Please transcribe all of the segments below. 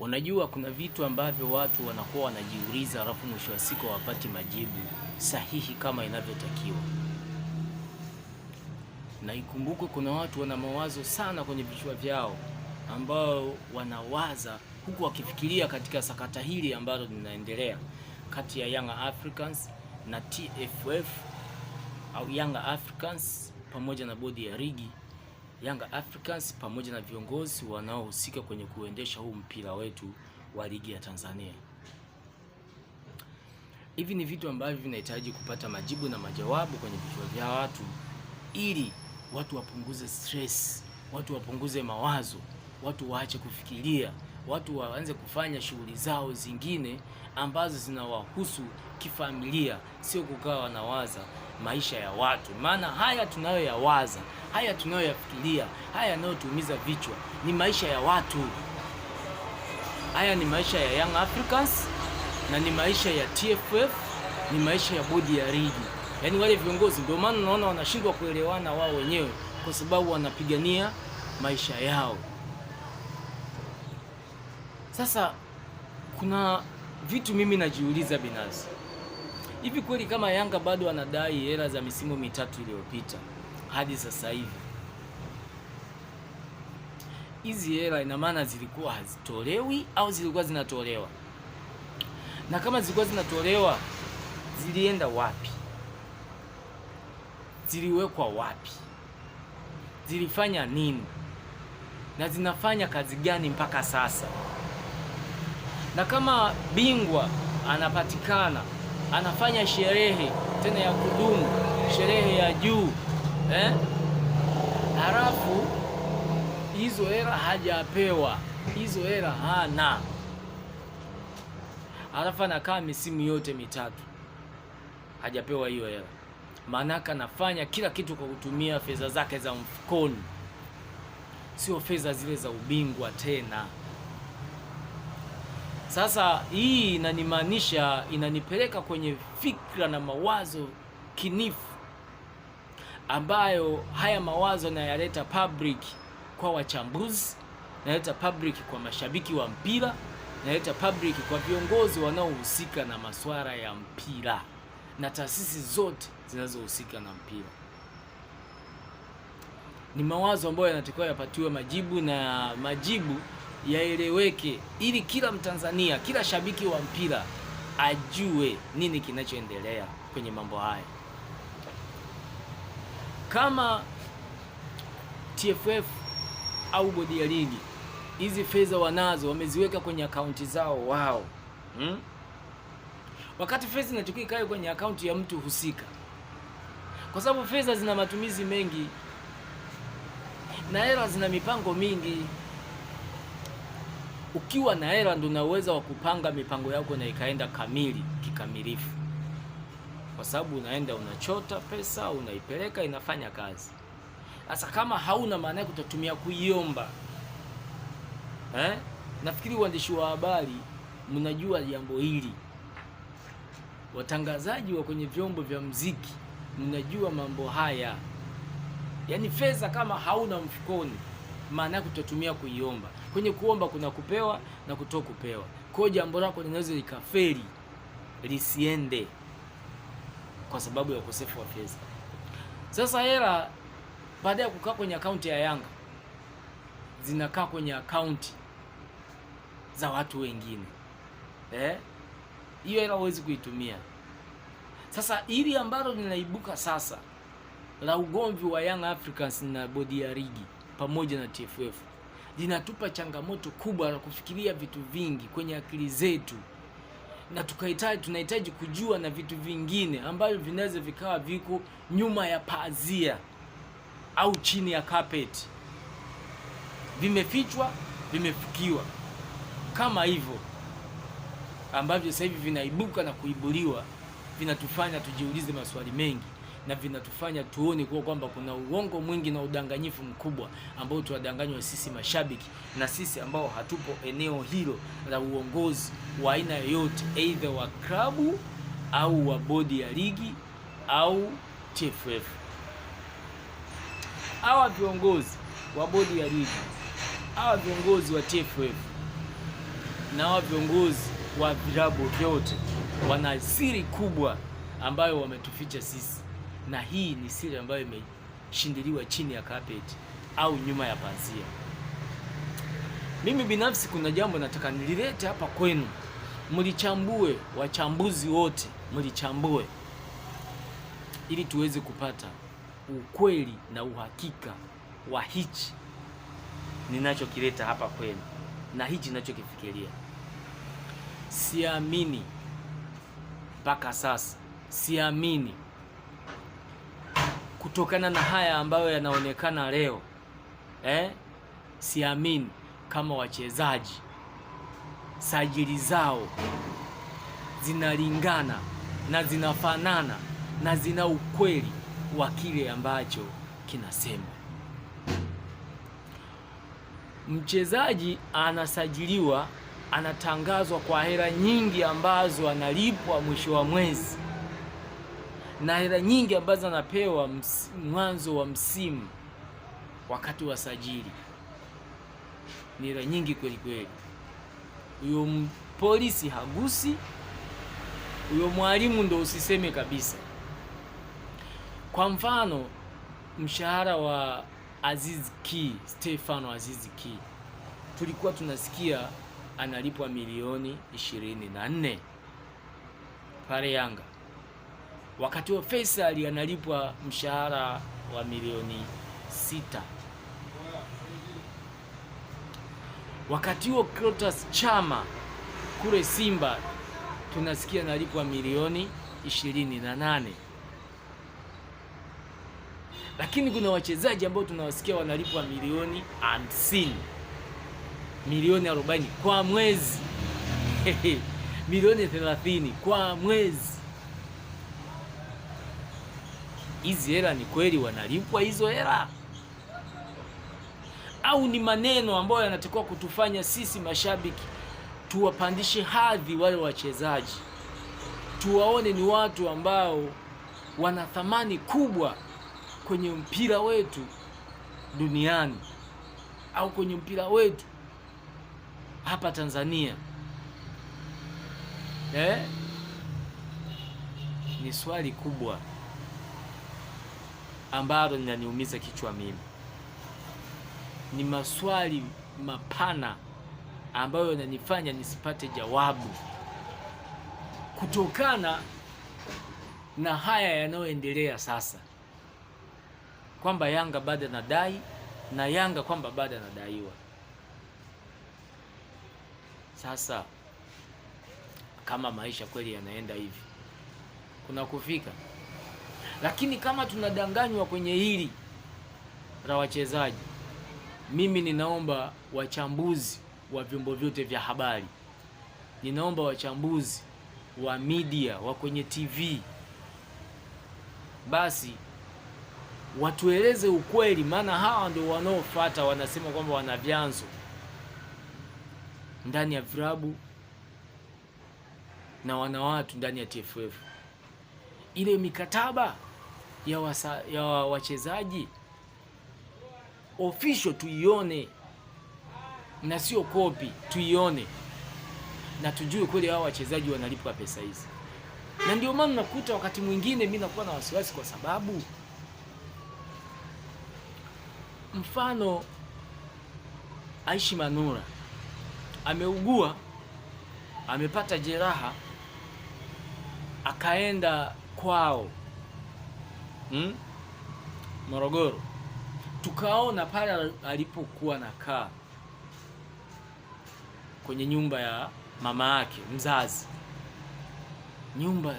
Unajua, kuna vitu ambavyo watu wanakuwa wanajiuliza, alafu mwisho wa siku hawapati majibu sahihi kama inavyotakiwa. Na ikumbuke, kuna watu wana mawazo sana kwenye vichwa vyao, ambao wanawaza huku wakifikiria katika sakata hili ambalo linaendelea kati ya Young Africans na TFF au Young Africans pamoja na bodi ya ligi. Yanga Africans pamoja na viongozi wanaohusika kwenye kuendesha huu mpira wetu wa ligi ya Tanzania. Hivi ni vitu ambavyo vinahitaji kupata majibu na majawabu kwenye vichwa vya watu ili watu wapunguze stress, watu wapunguze mawazo, watu waache kufikiria watu waanze kufanya shughuli zao zingine ambazo zinawahusu kifamilia, sio kukaa wanawaza maisha ya watu. Maana haya tunayoyawaza, haya tunayoyafikiria, haya yanayotuumiza vichwa ni maisha ya watu. Haya ni maisha ya Young Africans na ni maisha ya TFF, ni maisha ya bodi ya ligi. Yaani wale viongozi, ndio maana unaona wanashindwa kuelewana wao wenyewe, kwa sababu wanapigania maisha yao. Sasa kuna vitu mimi najiuliza binafsi, hivi kweli kama Yanga bado anadai hela za misimu mitatu iliyopita hadi sasa hivi, hizi hela ina maana zilikuwa hazitolewi au zilikuwa zinatolewa? Na kama zilikuwa zinatolewa, zilienda wapi? Ziliwekwa wapi? Zilifanya nini? Na zinafanya kazi gani mpaka sasa? na kama bingwa anapatikana, anafanya sherehe tena ya kudumu, sherehe ya juu eh? Halafu hizo hela hajapewa, hizo hela hana, halafu anakaa misimu yote mitatu hajapewa hiyo hela, maanake anafanya kila kitu kwa kutumia fedha zake za mfukoni, sio fedha zile za ubingwa tena. Sasa hii inanimaanisha, inanipeleka kwenye fikra na mawazo kinifu ambayo haya mawazo nayaleta public kwa wachambuzi, naleta public kwa mashabiki wa mpira, naleta public kwa viongozi wanaohusika na masuala ya mpira na taasisi zote zinazohusika na mpira. Ni mawazo ambayo yanatakiwa yapatiwe majibu na majibu yaeleweke, ili kila Mtanzania, kila shabiki wa mpira ajue nini kinachoendelea kwenye mambo haya. Kama TFF au bodi ya ligi, hizi fedha wanazo, wameziweka kwenye akaunti zao wao, hmm? Wakati fedha inatakiwa ikae kwenye akaunti ya mtu husika, kwa sababu fedha zina matumizi mengi na hela zina mipango mingi. Ukiwa na hela ndo una uwezo wa kupanga mipango yako na ikaenda kamili kikamilifu, kwa sababu unaenda unachota pesa unaipeleka inafanya kazi. Sasa kama hauna, maana yake utatumia kuiomba eh? Nafikiri uandishi wa habari mnajua jambo hili, watangazaji wa kwenye vyombo vya mziki mnajua mambo haya. Yaani fedha kama hauna mfukoni, maana yake utatumia kuiomba. Kwenye kuomba kuna kupewa na kuto kupewa. Kwa hiyo jambo lako linaweza likafeli lisiende kwa sababu ya ukosefu wa fedha. Sasa hela baada ya kukaa kwenye akaunti ya Yanga zinakaa kwenye akaunti za watu wengine eh? Hiyo hela huwezi kuitumia. Sasa hili ambalo linaibuka sasa la ugomvi wa Young Africans na bodi ya ligi pamoja na TFF linatupa changamoto kubwa la kufikiria vitu vingi kwenye akili zetu, na tukahitaji tunahitaji kujua na vitu vingine ambavyo vinaweza vikawa viko nyuma ya pazia au chini ya carpet, vimefichwa, vimefukiwa kama hivyo ambavyo sasa hivi vinaibuka na kuibuliwa, vinatufanya tujiulize maswali mengi na vinatufanya tuone kuwa kwamba kuna uongo mwingi na udanganyifu mkubwa ambao tunadanganywa sisi mashabiki na sisi ambao hatupo eneo hilo la uongozi wa aina yoyote, either wa klabu au wa bodi ya ligi au TFF. Hawa viongozi wa bodi ya ligi, hawa viongozi wa TFF na hawa viongozi wa vilabu vyote wana siri kubwa ambayo wametuficha sisi na hii ni siri ambayo imeshindiliwa chini ya carpet au nyuma ya pazia. Mimi binafsi kuna jambo nataka nililete hapa kwenu, mlichambue, wachambuzi wote mlichambue, ili tuweze kupata ukweli na uhakika wa hichi ninachokileta hapa kwenu na hichi ninachokifikiria. Siamini mpaka sasa, siamini kutokana na haya ambayo yanaonekana leo eh, siamini kama wachezaji sajili zao zinalingana na zinafanana na zina ukweli wa kile ambacho kinasema. Mchezaji anasajiliwa, anatangazwa kwa hela nyingi ambazo analipwa mwisho wa mwezi na hela nyingi ambazo anapewa mwanzo wa msimu wakati wa sajili ni hela nyingi kweli kweli. Huyo polisi hagusi, huyo mwalimu ndo usiseme kabisa. Kwa mfano mshahara wa Aziz Ki, Stefano Aziz Ki tulikuwa tunasikia analipwa milioni 24 pale Yanga. Wakati huo Faisal analipwa mshahara wa milioni sita. Wakati huo Clatous Chama kule Simba tunasikia analipwa milioni ishirini na nane lakini kuna wachezaji ambao tunawasikia wanalipwa milioni hamsini milioni arobaini kwa mwezi milioni thelathini kwa mwezi hizi hela ni kweli wanalipwa hizo hela au ni maneno ambayo yanatakiwa kutufanya sisi mashabiki tuwapandishe hadhi wale wachezaji, tuwaone ni watu ambao wana thamani kubwa kwenye mpira wetu duniani au kwenye mpira wetu hapa Tanzania eh? Ni swali kubwa ambalo linaniumiza kichwa mimi. Ni maswali mapana ambayo yananifanya nisipate jawabu kutokana na haya yanayoendelea sasa, kwamba Yanga bado anadai na Yanga kwamba bado anadaiwa. Sasa kama maisha kweli yanaenda hivi, kuna kufika lakini kama tunadanganywa kwenye hili la wachezaji, mimi ninaomba wachambuzi wa vyombo vyote vya habari, ninaomba wachambuzi wa media wa kwenye TV basi watueleze ukweli, maana hawa ndio wanaofuata, wanasema kwamba wana vyanzo ndani ya vilabu na wana watu ndani ya TFF ile mikataba ya, wasa, ya wachezaji official tuione na sio kopi, tuione na tujue kweli hao wachezaji wanalipwa pesa hizi. Na ndio maana nakuta wakati mwingine mimi nakuwa na wasiwasi, kwa sababu mfano Aishi Manula ameugua, amepata jeraha, akaenda kwao mm, Morogoro, tukaona pale alipokuwa nakaa kwenye nyumba ya mama yake mzazi, nyumba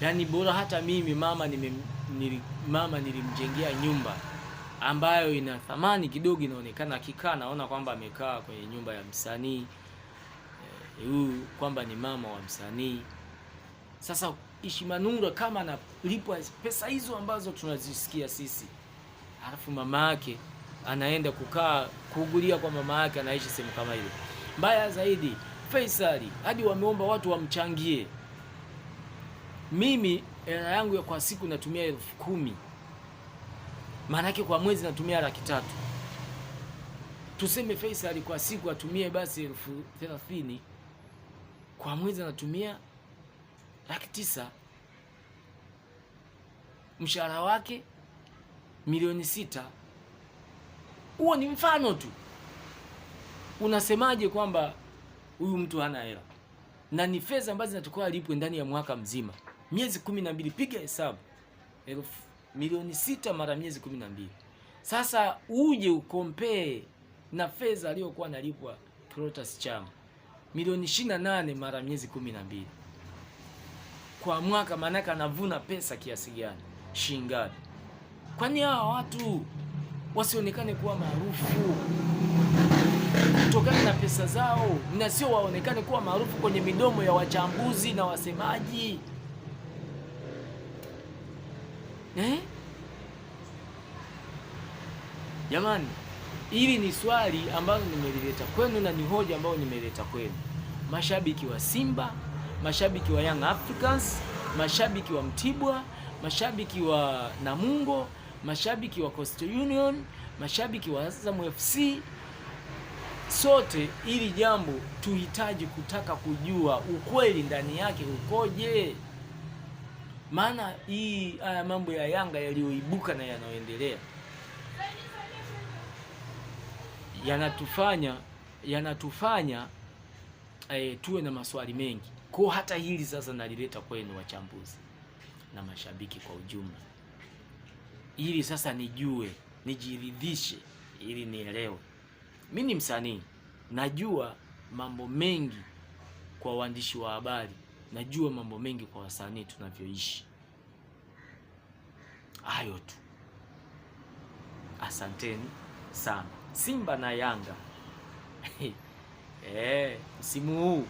yani bora hata mimi mama nime, nili, mama nilimjengea nyumba ambayo ina thamani kidogo, inaonekana akikaa, naona kwamba amekaa kwenye nyumba ya msanii huyu, eh, e, kwamba ni mama wa msanii sasa Ishimanura kama analipwa pesa hizo ambazo tunazisikia sisi, alafu mama yake anaenda kukaa kuugulia kwa mama yake, anaishi sehemu kama hiyo. Mbaya zaidi, Faisali hadi wameomba watu wamchangie. Mimi hela yangu ya kwa siku natumia elfu kumi maana yake kwa mwezi natumia laki tatu. Tuseme Faisali kwa siku atumie basi elfu thelathini kwa mwezi anatumia laki tisa, mshahara wake milioni sita. Huo ni mfano tu. Unasemaje kwamba huyu mtu hana hela? Na ni fedha ambazo zinatakiwa alipwe ndani ya mwaka mzima, miezi kumi na mbili. Piga hesabu elfu milioni sita mara miezi kumi na mbili. Sasa uje ukompee na fedha aliyokuwa analipwa Clatous Chama milioni ishirini na nane mara miezi kumi na mbili kwa mwaka, maanake anavuna pesa kiasi gani, shilingi Kwani hawa watu wasionekane kuwa maarufu kutokana na pesa zao, na sio waonekane kuwa maarufu kwenye midomo ya wachambuzi na wasemaji eh? Jamani, hili ni swali ambalo nimelileta kwenu na ni hoja ambayo nimeleta kwenu, mashabiki wa Simba mashabiki wa Young Africans, mashabiki wa Mtibwa, mashabiki wa Namungo, mashabiki wa Coastal Union, mashabiki wa Azam FC sote ili jambo tuhitaji kutaka kujua ukweli ndani yake ukoje. Maana hii haya mambo ya Yanga yaliyoibuka na yanayoendelea yanatufanya yanatufanya eh, tuwe na maswali mengi. Kwa hata hili sasa nalileta kwenu wachambuzi na mashabiki kwa ujumla, ili sasa nijue, nijiridhishe, ili nielewe. Mimi ni msanii, najua mambo mengi kwa waandishi wa habari, najua mambo mengi kwa wasanii tunavyoishi. Hayo tu, asanteni sana. Simba na Yanga eh, msimu e, huu